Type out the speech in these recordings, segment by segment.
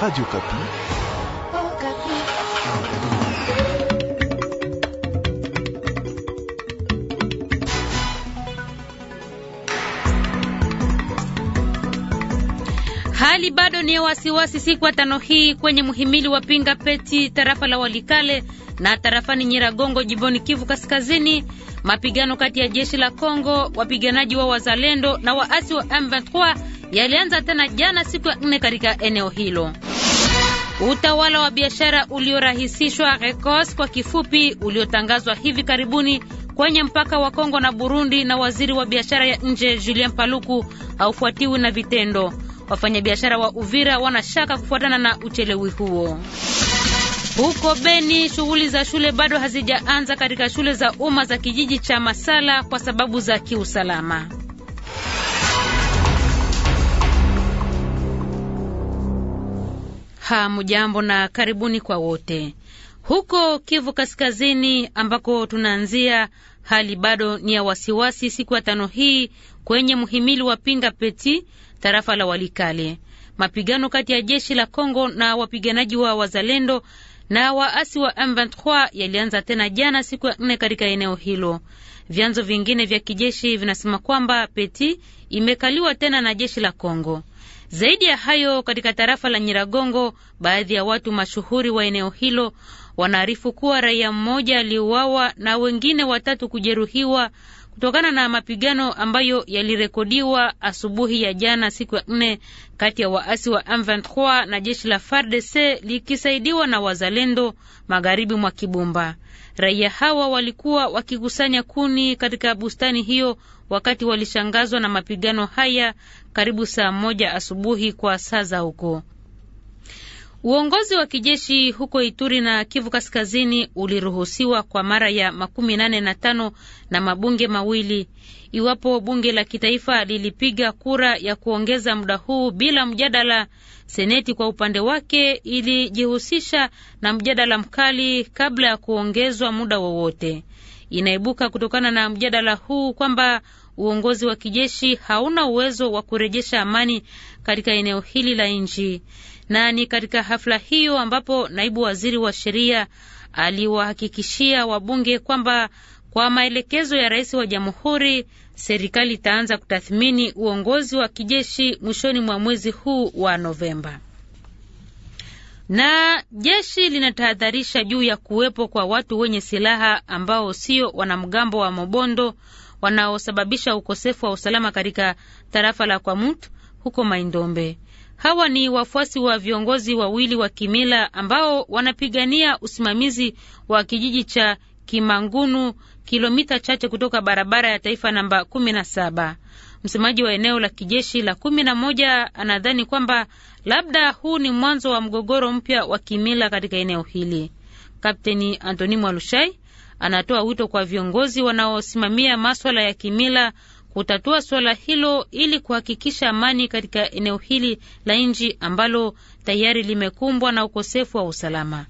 Radio Kapi. Oh, Kapi. Hali bado ni ya wasiwasi siku ya tano hii kwenye muhimili wa Pinga Peti tarafa la Walikale na tarafani Nyiragongo jimboni Kivu Kaskazini. Mapigano kati ya jeshi la Kongo, wapiganaji wa wazalendo na waasi wa M23 yalianza tena jana siku ya nne katika eneo hilo. Utawala wa biashara uliorahisishwa RECOS kwa kifupi, uliotangazwa hivi karibuni kwenye mpaka wa Kongo na Burundi na waziri wa biashara ya nje Julien Paluku haufuatiwi na vitendo. Wafanyabiashara wa Uvira wanashaka kufuatana na uchelewi huo. Huko Beni, shughuli za shule bado hazijaanza katika shule za umma za kijiji cha Masala kwa sababu za kiusalama. Hamujambo na karibuni kwa wote. Huko Kivu Kaskazini ambako tunaanzia, hali bado ni ya wasiwasi siku ya tano hii kwenye mhimili wa Pinga Peti, tarafa la Walikale. Mapigano kati ya jeshi la Kongo na wapiganaji wa Wazalendo na waasi wa M23 yalianza tena jana siku ya nne katika eneo hilo. Vyanzo vingine vya kijeshi vinasema kwamba Peti imekaliwa tena na jeshi la Kongo. Zaidi ya hayo, katika tarafa la Nyiragongo, baadhi ya watu mashuhuri wa eneo hilo wanaarifu kuwa raia mmoja aliuawa na wengine watatu kujeruhiwa kutokana na mapigano ambayo yalirekodiwa asubuhi ya jana siku ya nne kati ya waasi wa M23 na jeshi la FARDC likisaidiwa na wazalendo magharibi mwa Kibumba. Raia hawa walikuwa wakikusanya kuni katika bustani hiyo wakati walishangazwa na mapigano haya karibu saa moja asubuhi kwa saa za huko. Uongozi wa kijeshi huko Ituri na Kivu Kaskazini uliruhusiwa kwa mara ya makumi nane na tano na mabunge mawili iwapo bunge la kitaifa lilipiga kura ya kuongeza muda huu bila mjadala. Seneti kwa upande wake ilijihusisha na mjadala mkali kabla ya kuongezwa muda wowote. Inaibuka kutokana na mjadala huu kwamba uongozi wa kijeshi hauna uwezo wa kurejesha amani katika eneo hili la nchi. Na ni katika hafla hiyo ambapo naibu waziri wa sheria aliwahakikishia wabunge kwamba kwa maelekezo ya rais wa jamhuri, serikali itaanza kutathmini uongozi wa kijeshi mwishoni mwa mwezi huu wa Novemba. Na jeshi linatahadharisha juu ya kuwepo kwa watu wenye silaha ambao sio wanamgambo wa Mobondo wanaosababisha ukosefu wa usalama katika tarafa la Kwamut huko Maindombe. Hawa ni wafuasi wa viongozi wawili wa kimila ambao wanapigania usimamizi wa kijiji cha Kimangunu, kilomita chache kutoka barabara ya taifa namba saba. Msemaji wa eneo la kijeshi la moja anadhani kwamba labda huu ni mwanzo wa mgogoro mpya wa kimila katika eneo hili. Kapteni Antoni Mwalushai Anatoa wito kwa viongozi wanaosimamia maswala ya kimila kutatua swala hilo ili kuhakikisha amani katika eneo hili la nchi ambalo tayari limekumbwa na ukosefu wa usalama.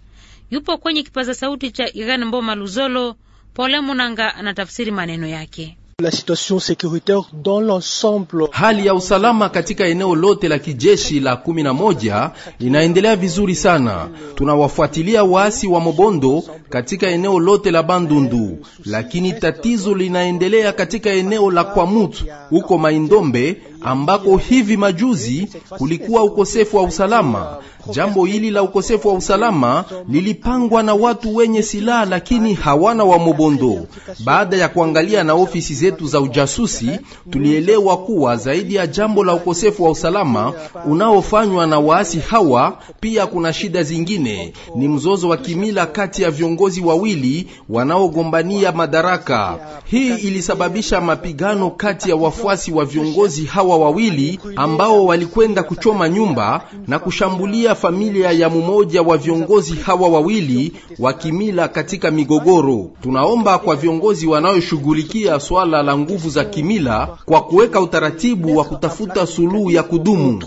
Yupo kwenye kipaza sauti cha Iran Mboma Luzolo, Pole Munanga anatafsiri maneno yake. La situation sécuritaire dans l'ensemble. Hali ya usalama katika eneo lote la kijeshi la kumi na moja linaendelea vizuri sana. Tunawafuatilia waasi wa Mobondo katika eneo lote la Bandundu, lakini tatizo linaendelea katika eneo la Kwamutu huko Maindombe ambako hivi majuzi kulikuwa ukosefu wa usalama. Jambo hili la ukosefu wa usalama lilipangwa na watu wenye silaha, lakini hawana wa mobondo. Baada ya kuangalia na ofisi zetu za ujasusi, tulielewa kuwa zaidi ya jambo la ukosefu wa usalama unaofanywa na waasi hawa, pia kuna shida zingine. Ni mzozo wa kimila kati ya viongozi wawili wanaogombania madaraka. Hii ilisababisha mapigano kati ya wafuasi wa viongozi hawa hawa wawili ambao walikwenda kuchoma nyumba na kushambulia familia ya mmoja wa viongozi hawa wawili wa kimila katika migogoro. Tunaomba kwa viongozi wanaoshughulikia swala la nguvu za kimila kwa kuweka utaratibu wa kutafuta suluhu ya kudumu.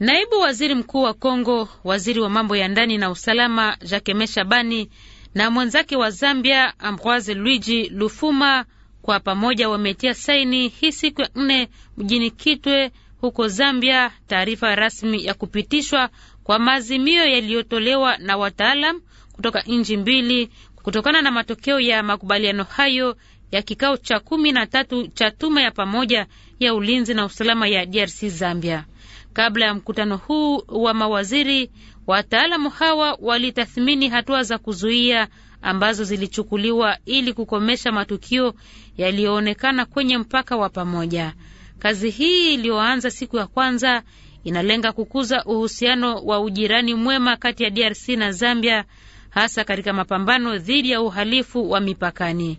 Naibu Waziri Mkuu wa Kongo, Waziri wa Mambo ya Ndani na Usalama Jakeme meshabani na mwenzake wa Zambia Ambroise Luigi Lufuma kwa pamoja wametia saini hii siku ya nne mjini Kitwe huko Zambia taarifa rasmi ya kupitishwa kwa maazimio yaliyotolewa na wataalam kutoka nchi mbili kutokana na matokeo ya makubaliano hayo ya kikao cha kumi na tatu cha tume ya pamoja ya ulinzi na usalama ya DRC Zambia. Kabla ya mkutano huu wa mawaziri, wataalamu hawa walitathmini hatua za kuzuia ambazo zilichukuliwa ili kukomesha matukio yaliyoonekana kwenye mpaka wa pamoja. Kazi hii iliyoanza siku ya kwanza inalenga kukuza uhusiano wa ujirani mwema kati ya DRC na Zambia, hasa katika mapambano dhidi ya uhalifu wa mipakani.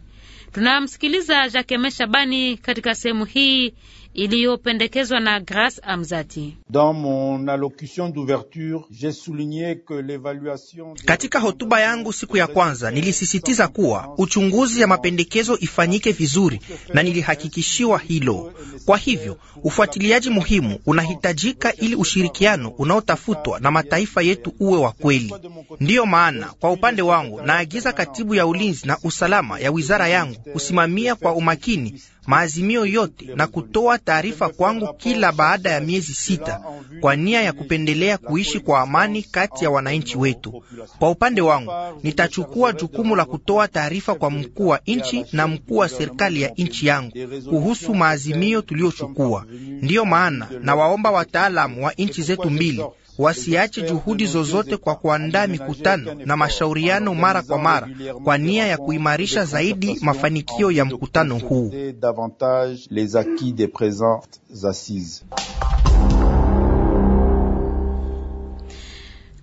Tunamsikiliza Jakeme Shabani katika sehemu hii iliyopendekezwa na Grace Amzati. Dans mon allocution d'ouverture, j'ai souligné que l'évaluation. Katika hotuba yangu siku ya kwanza nilisisitiza kuwa uchunguzi ya mapendekezo ifanyike vizuri na nilihakikishiwa hilo. Kwa hivyo ufuatiliaji muhimu unahitajika ili ushirikiano unaotafutwa na mataifa yetu uwe wa kweli. Ndiyo maana kwa upande wangu naagiza katibu ya ulinzi na usalama ya wizara yangu kusimamia kwa umakini maazimio yote na kutoa taarifa kwangu kila baada ya miezi sita kwa nia ya kupendelea kuishi kwa amani kati ya wananchi wetu. Kwa upande wangu, nitachukua jukumu la kutoa taarifa kwa mkuu wa nchi na mkuu wa serikali ya nchi yangu kuhusu maazimio tuliyochukua. Ndiyo maana nawaomba wataalamu wa nchi zetu mbili wasiache juhudi zozote kwa kuandaa mikutano na mashauriano mara kwa mara kwa nia ya kuimarisha zaidi mafanikio ya mkutano huu.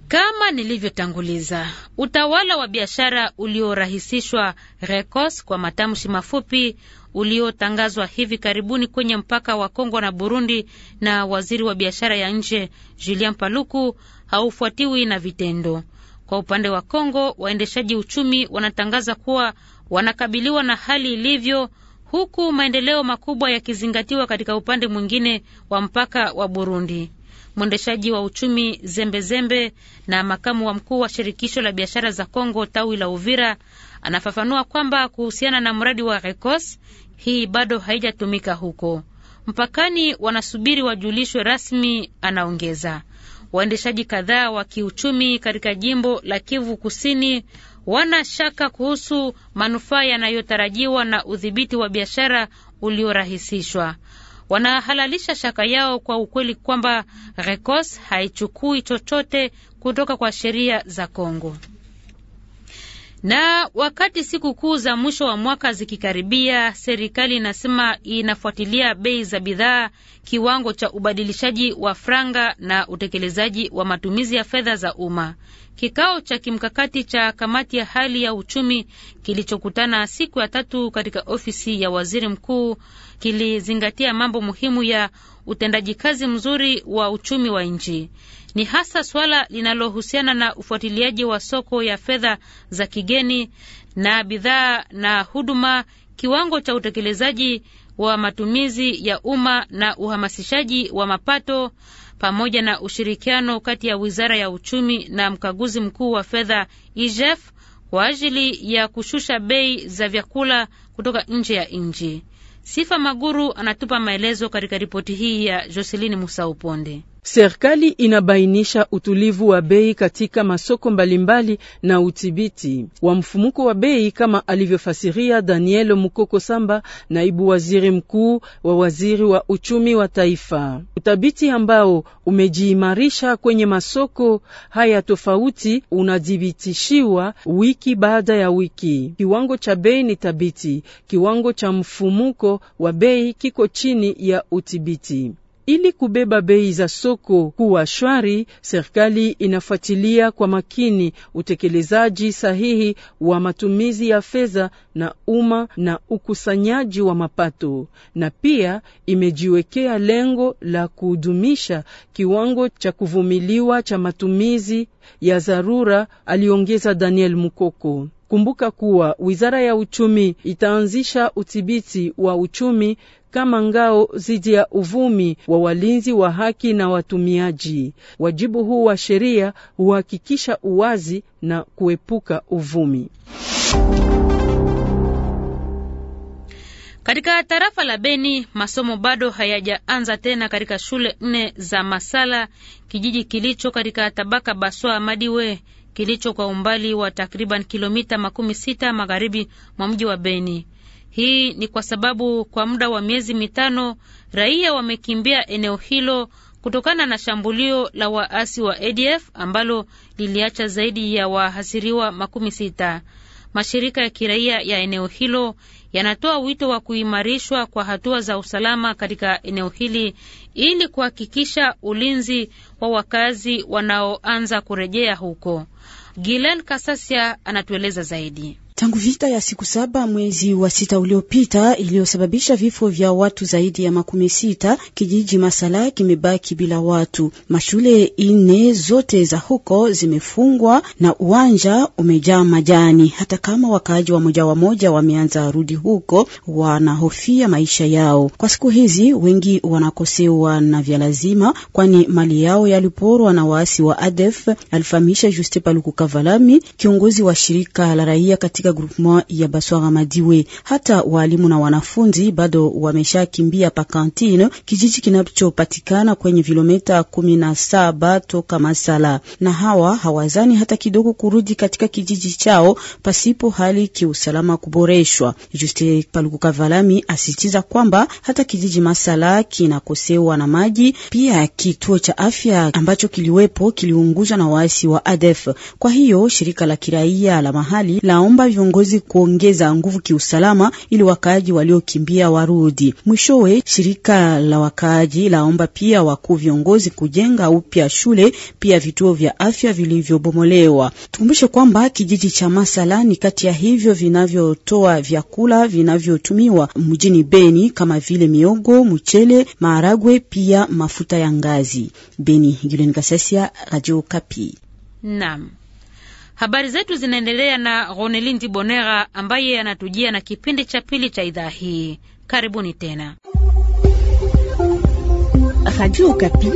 Kama nilivyotanguliza, utawala wa biashara uliorahisishwa RECOS kwa matamshi mafupi uliotangazwa hivi karibuni kwenye mpaka wa Kongo na Burundi na waziri wa biashara ya nje Julien Paluku haufuatiwi na vitendo. Kwa upande wa Kongo, waendeshaji uchumi wanatangaza kuwa wanakabiliwa na hali ilivyo, huku maendeleo makubwa yakizingatiwa katika upande mwingine wa mpaka wa Burundi mwendeshaji wa uchumi Zembezembe Zembe, na makamu wa mkuu wa shirikisho la biashara za Kongo tawi la Uvira anafafanua kwamba kuhusiana na mradi wa RECOS hii bado haijatumika huko mpakani, wanasubiri wajulishwe rasmi. Anaongeza, waendeshaji kadhaa wa kiuchumi katika jimbo la Kivu Kusini wana shaka kuhusu manufaa yanayotarajiwa na udhibiti wa biashara uliorahisishwa wanahalalisha shaka yao kwa ukweli kwamba rekos haichukui chochote kutoka kwa sheria za Kongo. Na wakati siku kuu za mwisho wa mwaka zikikaribia, serikali inasema inafuatilia bei za bidhaa, kiwango cha ubadilishaji wa franga na utekelezaji wa matumizi ya fedha za umma. Kikao cha kimkakati cha kamati ya hali ya uchumi kilichokutana siku ya tatu katika ofisi ya waziri mkuu kilizingatia mambo muhimu ya utendaji kazi mzuri wa uchumi wa nchi ni hasa suala linalohusiana na ufuatiliaji wa soko ya fedha za kigeni na bidhaa na huduma, kiwango cha utekelezaji wa matumizi ya umma na uhamasishaji wa mapato, pamoja na ushirikiano kati ya wizara ya uchumi na mkaguzi mkuu wa fedha IGF kwa ajili ya kushusha bei za vyakula kutoka nje ya nchi. Sifa Maguru anatupa maelezo katika ripoti hii ya Joselini Musauponde. Serikali inabainisha utulivu wa bei katika masoko mbalimbali na udhibiti wa mfumuko wa bei kama alivyofasiria Daniel Mukoko Samba, naibu waziri mkuu wa waziri wa uchumi wa taifa. Utabiti ambao umejiimarisha kwenye masoko haya tofauti unadhibitishiwa wiki baada ya wiki. Kiwango cha bei ni thabiti, kiwango cha mfumuko wa bei kiko chini ya udhibiti. Ili kubeba bei za soko kuwa shwari, serikali inafuatilia kwa makini utekelezaji sahihi wa matumizi ya fedha na umma na ukusanyaji wa mapato, na pia imejiwekea lengo la kuhudumisha kiwango cha kuvumiliwa cha matumizi ya dharura, aliongeza Daniel Mukoko. Kumbuka kuwa wizara ya uchumi itaanzisha udhibiti wa uchumi kama ngao dhidi ya uvumi wa walinzi wa haki na watumiaji. Wajibu huu wa sheria huhakikisha uwazi na kuepuka uvumi. Katika tarafa la Beni, masomo bado hayajaanza tena katika shule nne za Masala, kijiji kilicho katika tabaka Baswa Madiwe kilicho kwa umbali wa takriban kilomita makumi sita magharibi mwa mji wa Beni. Hii ni kwa sababu kwa muda wa miezi mitano raia wamekimbia eneo hilo kutokana na shambulio la waasi wa ADF ambalo liliacha zaidi ya wahasiriwa makumi sita mashirika ya kiraia ya eneo hilo yanatoa wito wa kuimarishwa kwa hatua za usalama katika eneo hili ili kuhakikisha ulinzi wa wakazi wanaoanza kurejea huko. Gilen Kasasia anatueleza zaidi. Tangu vita ya siku saba mwezi wa sita uliopita iliyosababisha vifo vya watu zaidi ya makumi sita, kijiji Masala kimebaki bila watu. Mashule nne zote za huko zimefungwa na uwanja umejaa majani. Hata kama wakaaji wa moja wa moja wameanza rudi huko, wanahofia maisha yao. Kwa siku hizi wengi wanakosewa na vya lazima, kwani mali yao yaliporwa na waasi wa ADF, alifahamisha Juste Paluku Kavalami, kiongozi wa shirika la raia katika katika groupement ya Baswara Madiwe. Hata waalimu na wanafunzi bado wameshakimbia pa kantine, kijiji kinachopatikana kwenye vilometa kumi na saba toka Masala, na hawa hawazani hata kidogo kurudi katika kijiji chao pasipo hali kiusalama kuboreshwa. Juste Paluku Kavalami asitiza kwamba hata kijiji Masala kinakosewa na maji, pia kituo cha afya ambacho kiliwepo kiliunguzwa na waasi wa ADF. Kwa hiyo shirika la kiraia la mahali laomba viongozi kuongeza nguvu kiusalama ili wakaaji waliokimbia warudi. Mwishowe, shirika la wakaaji laomba pia wakuu viongozi kujenga upya shule pia vituo vya afya vilivyobomolewa. Tukumbushe kwamba kijiji cha Masala ni kati ya hivyo vinavyotoa vyakula vinavyotumiwa mjini Beni kama vile miogo, mchele, maharagwe pia mafuta ya ngazi. Beni, Julen Kasasia, Radio Kapi. Naam. Habari zetu zinaendelea na Ronelindi Bonera ambaye anatujia na kipindi cha pili cha idhaa hii. Karibuni tena Radio Okapi.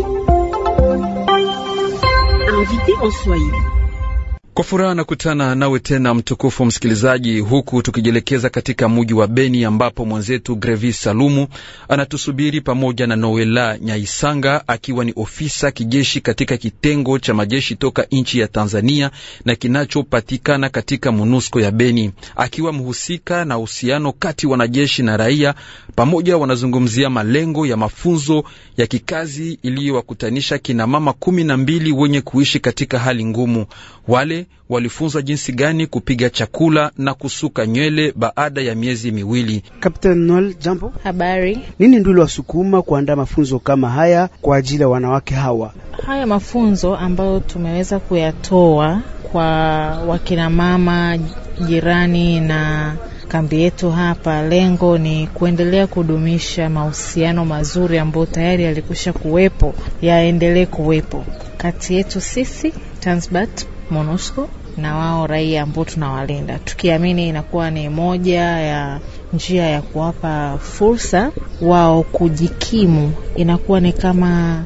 Kwa furaha nakutana nawe tena mtukufu msikilizaji, huku tukijielekeza katika muji wa Beni ambapo mwenzetu Grevi Salumu anatusubiri pamoja na Noela Nyaisanga akiwa ni ofisa kijeshi katika kitengo cha majeshi toka nchi ya Tanzania na kinachopatikana katika MONUSCO ya Beni, akiwa mhusika na uhusiano kati wanajeshi na raia. Pamoja wanazungumzia malengo ya mafunzo ya kikazi iliyowakutanisha kinamama kumi na mbili wenye kuishi katika hali ngumu wale walifunza jinsi gani kupiga chakula na kusuka nywele baada ya miezi miwili. Kapteni Noel, jambo. Habari. Nini ndilo iliwasukuma kuandaa mafunzo kama haya kwa ajili ya wanawake hawa? Haya mafunzo ambayo tumeweza kuyatoa kwa wakinamama jirani na kambi yetu hapa, lengo ni kuendelea kudumisha mahusiano mazuri ambayo tayari yalikwisha kuwepo, yaendelee kuwepo kati yetu sisi Tanzbat MONUSCO na wao raia ambao tunawalinda, tukiamini inakuwa ni moja ya njia ya kuwapa fursa wao kujikimu. Inakuwa ni kama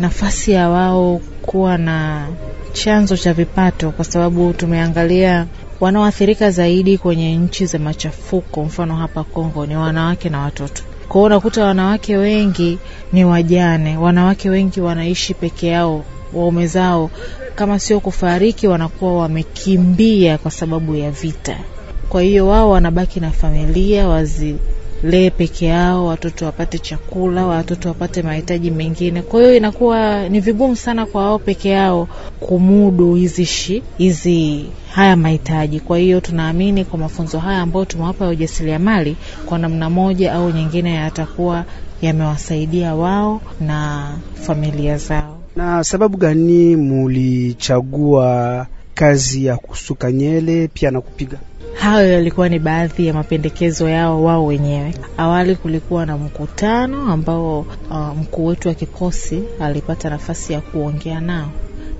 nafasi ya wao kuwa na chanzo cha vipato, kwa sababu tumeangalia wanaoathirika zaidi kwenye nchi za machafuko, mfano hapa Kongo, ni wanawake na watoto. Kwa hiyo unakuta wanawake wengi ni wajane, wanawake wengi wanaishi peke yao waume zao, kama sio kufariki, wanakuwa wamekimbia kwa sababu ya vita. Kwa hiyo wao wanabaki na familia wazilee peke yao, watoto wapate chakula, watoto wapate mahitaji mengine. Kwa hiyo inakuwa ni vigumu sana kwa wao peke yao kumudu hizi hizi haya mahitaji. Kwa hiyo tunaamini kwa mafunzo haya ambayo tumewapa ya ujasiriamali, kwa namna moja au nyingine, yatakuwa yamewasaidia wao na familia zao. Na sababu gani mulichagua kazi ya kusuka nyele pia na kupiga? Hayo yalikuwa ni baadhi ya mapendekezo yao wao wenyewe. Awali kulikuwa na mkutano ambao uh, mkuu wetu wa kikosi alipata nafasi ya kuongea nao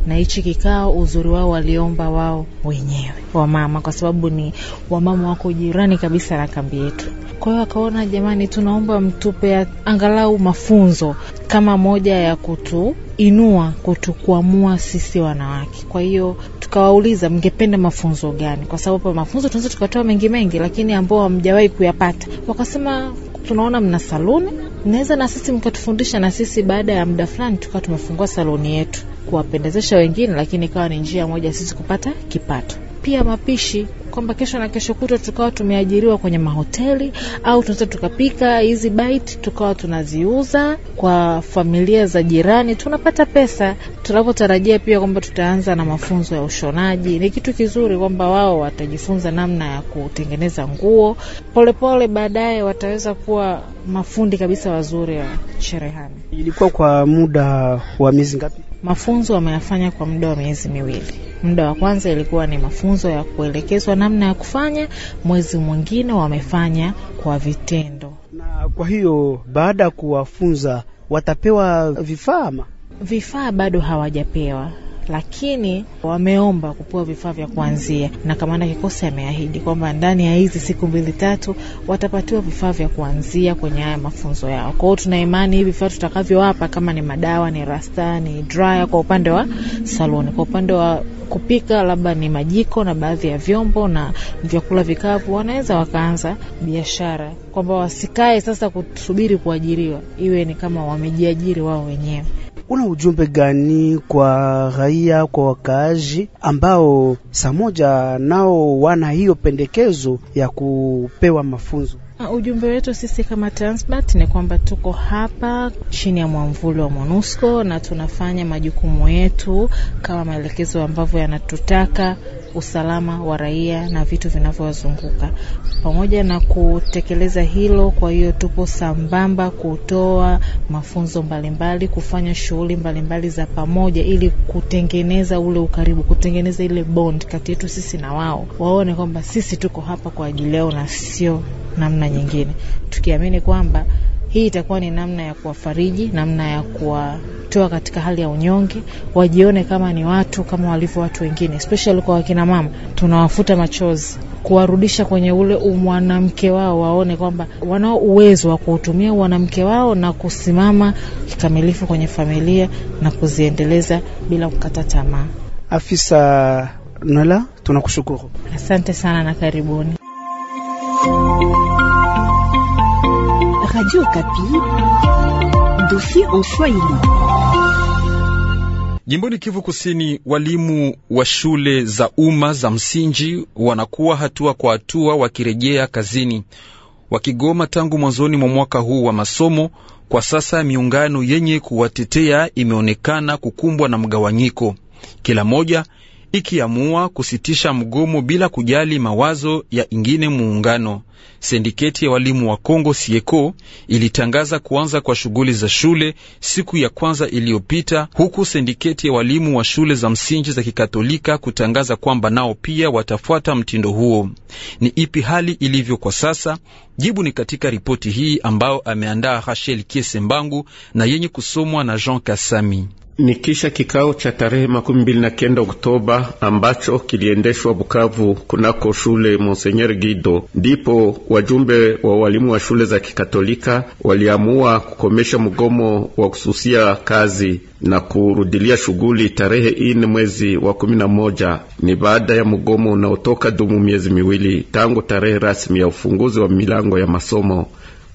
na hichi kikao, uzuri wao waliomba wao wenyewe wamama, kwa sababu ni wamama wako jirani kabisa na kambi yetu. Kwa hiyo akaona, jamani, tunaomba mtupe angalau mafunzo kama moja ya kutuinua, kutukwamua sisi wanawake. Kwa hiyo tukawauliza, mngependa mafunzo gani? Kwa sababu pa mafunzo tunaweza tukatoa mengi mengi, lakini ambao hamjawahi kuyapata. Wakasema tunaona mna saluni, naweza na sisi mkatufundisha, na sisi baada ya muda fulani tukawa tumefungua saluni yetu kuwapendezesha wengine, lakini ikawa ni njia moja sisi kupata kipato. Pia mapishi kwamba kesho na kesho kutwa tukawa tumeajiriwa kwenye mahoteli au tunaweza tukapika hizi bite tukawa tunaziuza kwa familia za jirani, tunapata pesa. Tunapotarajia pia kwamba tutaanza na mafunzo ya ushonaji, ni kitu kizuri kwamba wao watajifunza namna ya kutengeneza nguo polepole, baadaye wataweza kuwa mafundi kabisa wazuri wa cherehani. Ilikuwa kwa muda wa miezi ngapi? Mafunzo wameyafanya kwa muda wa miezi miwili. Muda wa kwanza ilikuwa ni mafunzo ya kuelekezwa namna ya kufanya, mwezi mwingine wamefanya kwa vitendo. Na kwa hiyo baada ya kuwafunza watapewa vifaa ma vifaa bado hawajapewa lakini wameomba kupewa vifaa vya kuanzia, na kamanda kikosi ameahidi kwamba ndani ya hizi siku mbili tatu watapatiwa vifaa vya kuanzia kwenye haya mafunzo yao. Kwa hiyo tuna imani vifaa tutakavyowapa, kama ni madawa, ni rasta, ni dryer kwa upande wa saloni, kwa upande wa kupika labda ni majiko na baadhi ya vyombo na vyakula vikavu, wanaweza wakaanza biashara, kwamba wasikae sasa kusubiri kuajiriwa, iwe ni kama wamejiajiri wao wenyewe una ujumbe gani kwa raia, kwa wakaaji ambao saa moja nao wana hiyo pendekezo ya kupewa mafunzo? Ah, ujumbe wetu sisi kama Transbat ni kwamba tuko hapa chini ya mwamvuli wa MONUSCO na tunafanya majukumu yetu kama maelekezo ambavyo yanatutaka, usalama wa raia na vitu vinavyowazunguka pamoja na kutekeleza hilo. Kwa hiyo tupo sambamba kutoa mafunzo mbalimbali, kufanya shu shughuli mbalimbali za pamoja, ili kutengeneza ule ukaribu, kutengeneza ile bond kati yetu sisi na wao, waone kwamba sisi tuko hapa kwa ajili yao na sio namna nyingine, tukiamini kwamba hii itakuwa ni namna ya kuwafariji, namna ya kuwatoa katika hali ya unyonge, wajione kama ni watu kama walivyo watu wengine, especially kwa wakina mama. Tunawafuta machozi, kuwarudisha kwenye ule mwanamke wao, waone kwamba wanao uwezo wa kuutumia mwanamke wao na kusimama kikamilifu kwenye familia na kuziendeleza bila kukata tamaa. Afisa Nola, tunakushukuru, asante sana na karibuni. Radio Kapi, dossier en Swahili. Jimboni Kivu Kusini, walimu wa shule za umma za msingi wanakuwa hatua kwa hatua wakirejea kazini, wakigoma tangu mwanzoni mwa mwaka huu wa masomo. Kwa sasa miungano yenye kuwatetea imeonekana kukumbwa na mgawanyiko, kila moja ikiamua kusitisha mgomo bila kujali mawazo ya ingine muungano. Sindiketi ya walimu wa Kongo Sieko ilitangaza kuanza kwa shughuli za shule siku ya kwanza iliyopita, huku sindiketi ya walimu wa shule za msingi za Kikatolika kutangaza kwamba nao pia watafuata mtindo huo. Ni ipi hali ilivyo kwa sasa? Jibu ni katika ripoti hii ambayo ameandaa Rachel Kiesembangu na yenye kusomwa na Jean Kasami ni kisha kikao cha tarehe makumi mbili na kenda Oktoba ambacho kiliendeshwa Bukavu kunako shule Monsenyer Guido, ndipo wajumbe wa walimu wa shule za Kikatolika waliamua kukomesha mgomo wa kususia kazi na kurudilia shughuli tarehe ine mwezi wa kumi na moja. Ni baada ya mgomo unaotoka dumu miezi miwili tangu tarehe rasmi ya ufunguzi wa milango ya masomo,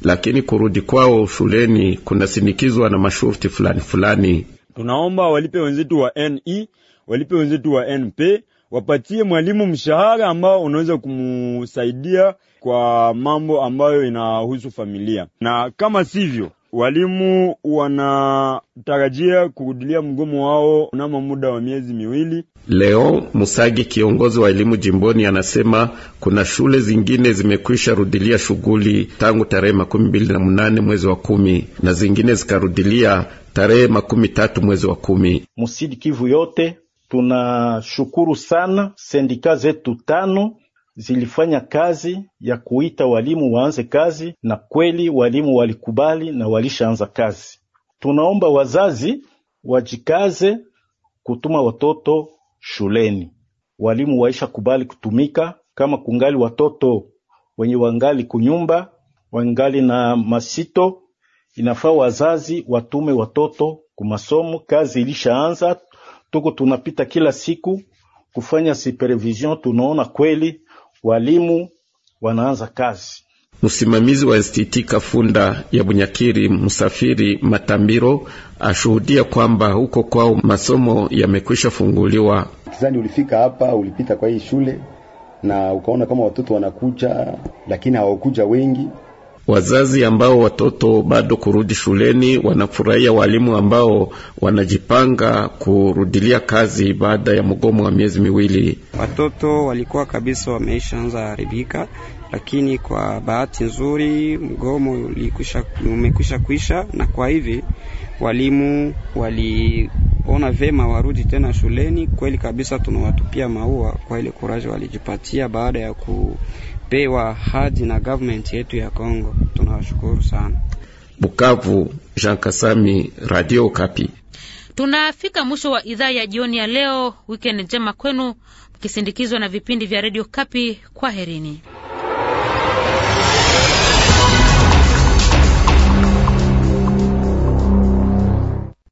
lakini kurudi kwao shuleni kunasinikizwa na masharti fulani fulani. Tunaomba walipe wenzetu wa NE, walipe wenzetu wa NP, wapatie mwalimu mshahara ambao unaweza kumsaidia kwa mambo ambayo inahusu familia, na kama sivyo walimu wanatarajia kurudilia mgomo wao unamo muda wa miezi miwili. Leo Musagi, kiongozi wa elimu jimboni, anasema kuna shule zingine zimekwisha rudilia shughuli tangu tarehe makumi mbili na munane mwezi wa kumi na zingine zikarudilia tarehe makumi tatu mwezi wa kumi. Musidi Kivu yote tunashukuru sana sendika zetu tano zilifanya kazi ya kuita walimu waanze kazi, na kweli walimu walikubali na walishaanza kazi. Tunaomba wazazi wajikaze kutuma watoto shuleni, walimu waisha kubali kutumika. Kama kungali watoto wenye wangali kunyumba, wangali na masito, Inafaa wazazi watume watoto kumasomo. Kazi ilishaanza, tuko tunapita kila siku kufanya supervision, tunaona kweli walimu wanaanza kazi. Msimamizi wa Instituti Kafunda ya Bunyakiri Msafiri Matambiro ashuhudia kwamba huko kwao masomo yamekwisha funguliwa. Kizani ulifika hapa, ulipita kwa hii shule na ukaona kama watoto wanakuja, lakini hawakuja wengi Wazazi ambao watoto bado kurudi shuleni wanafurahia walimu ambao wanajipanga kurudilia kazi baada ya mgomo wa miezi miwili. Watoto walikuwa kabisa wameishaanza haribika, lakini kwa bahati nzuri mgomo umekwisha kuisha, na kwa hivi walimu waliona vyema warudi tena shuleni. Kweli kabisa tunawatupia maua kwa ile kuraji walijipatia baada ya ku tumepewa hadi na government yetu ya Kongo. Tunawashukuru sana. Bukavu, Jean Kasami, Radio Kapi. Tunafika mwisho wa idhaa ya jioni ya leo. Wikendi njema kwenu, mkisindikizwa na vipindi vya Radio Kapi. Kwaherini.